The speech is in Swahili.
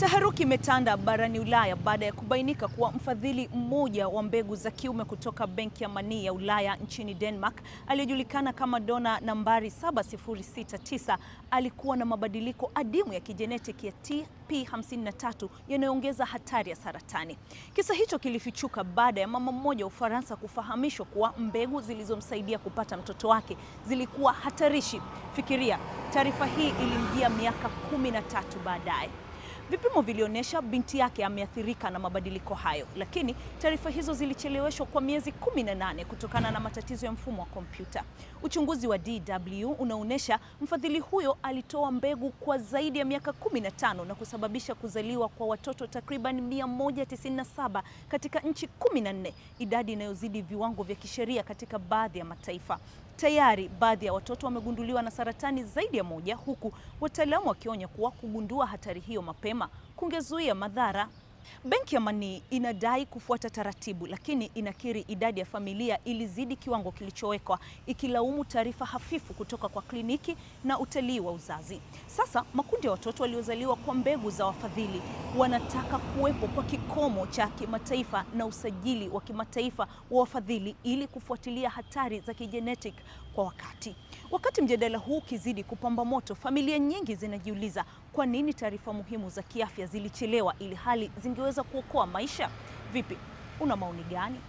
Taharuki imetanda barani Ulaya baada ya kubainika kuwa mfadhili mmoja wa mbegu za kiume kutoka benki ya Manii ya Ulaya nchini Denmark aliyejulikana kama dona nambari 7069 alikuwa na mabadiliko adimu ya kijenetiki ya TP53 yanayoongeza hatari ya saratani. Kisa hicho kilifichuka baada ya mama mmoja wa Ufaransa kufahamishwa kuwa mbegu zilizomsaidia kupata mtoto wake zilikuwa hatarishi. Fikiria, taarifa hii ilimjia miaka 13 baadaye. Vipimo vilionyesha binti yake ameathirika na mabadiliko hayo, lakini taarifa hizo zilicheleweshwa kwa miezi 18 kutokana na matatizo ya mfumo wa kompyuta. Uchunguzi wa DW unaonyesha mfadhili huyo alitoa mbegu kwa zaidi ya miaka 15 na kusababisha kuzaliwa kwa watoto takriban 197 katika nchi 14, idadi inayozidi viwango vya kisheria katika baadhi ya mataifa. Tayari baadhi ya watoto wamegunduliwa na saratani zaidi ya moja, huku wataalamu wakionya kuwa kugundua hatari hiyo mapema kusema kungezuia madhara. Benki ya Manii inadai kufuata taratibu, lakini inakiri idadi ya familia ilizidi kiwango kilichowekwa, ikilaumu taarifa hafifu kutoka kwa kliniki na utalii wa uzazi. Sasa makundi ya watoto waliozaliwa kwa mbegu za wafadhili wanataka kuwepo kwa kikomo cha kimataifa na usajili wa kimataifa wa wafadhili ili kufuatilia hatari za kijenetic kwa wakati. Wakati mjadala huu ukizidi kupamba moto, familia nyingi zinajiuliza kwa nini taarifa muhimu za kiafya zilichelewa ili hali zingeweza kuokoa maisha? Vipi, una maoni gani?